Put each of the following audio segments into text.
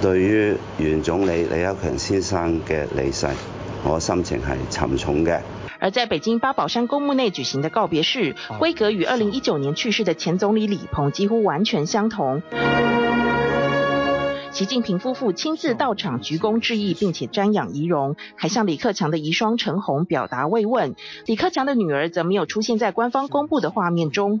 對於原總理李克強先生嘅離世，我心情係沉重嘅。而在北京八寶山公墓內舉行的告別式，規格與二零一九年去世的前總理李鵬幾乎完全相同。習近平夫婦親自到場鞠躬致意並且瞻仰遺容，還向李克強的遺孀陳紅表達慰問。李克強的女兒則沒有出現在官方公布的畫面中。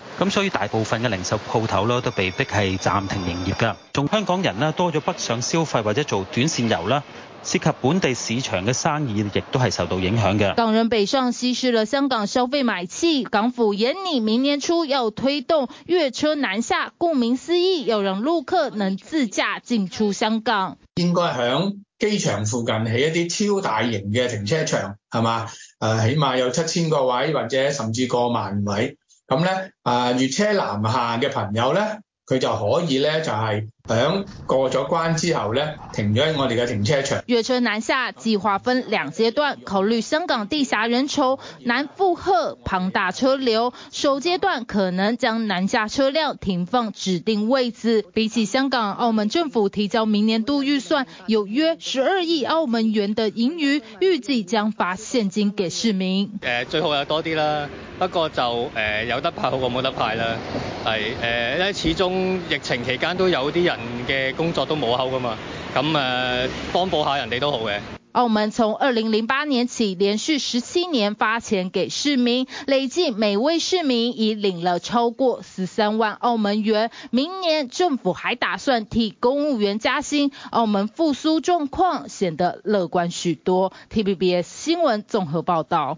咁所以大部分嘅零售鋪頭啦，都被逼係暫停營業㗎。仲，香港人呢多咗北上消費或者做短線遊啦，涉及本地市場嘅生意亦都係受到影響嘅。港人北上稀釋了香港消費買氣，港府擬明年初要推動粵車南下，顧名思義，要讓陸客能自駕進出香港。應該喺機場附近起一啲超大型嘅停車場，係嘛？呃，起碼有七千個位或者甚至過萬位。咁咧，啊，越車南下嘅朋友咧，佢就可以咧，就係、是。響過咗關之後咧，停咗喺我哋嘅停車場。粵車南下計劃分兩階段，考慮香港地狹人稠難負荷、龐大車流。首階段可能將南下車輛停放指定位置。比起香港，澳門政府提交明年度預算有約十二億澳門元的盈餘，預計將發現金給市民。誒、呃、最好有多啲啦，不過就誒、呃、有得派好過冇得派啦。係誒咧始終疫情期間都有啲人嘅工作都冇口噶嘛，咁誒幫補下人哋都好嘅。澳門從二零零八年起，連續十七年發錢給市民，累計每位市民已領了超過十三萬澳門元。明年政府還打算替公務員加薪，澳門復甦狀況顯得樂觀許多。TVBS 新聞綜合報導。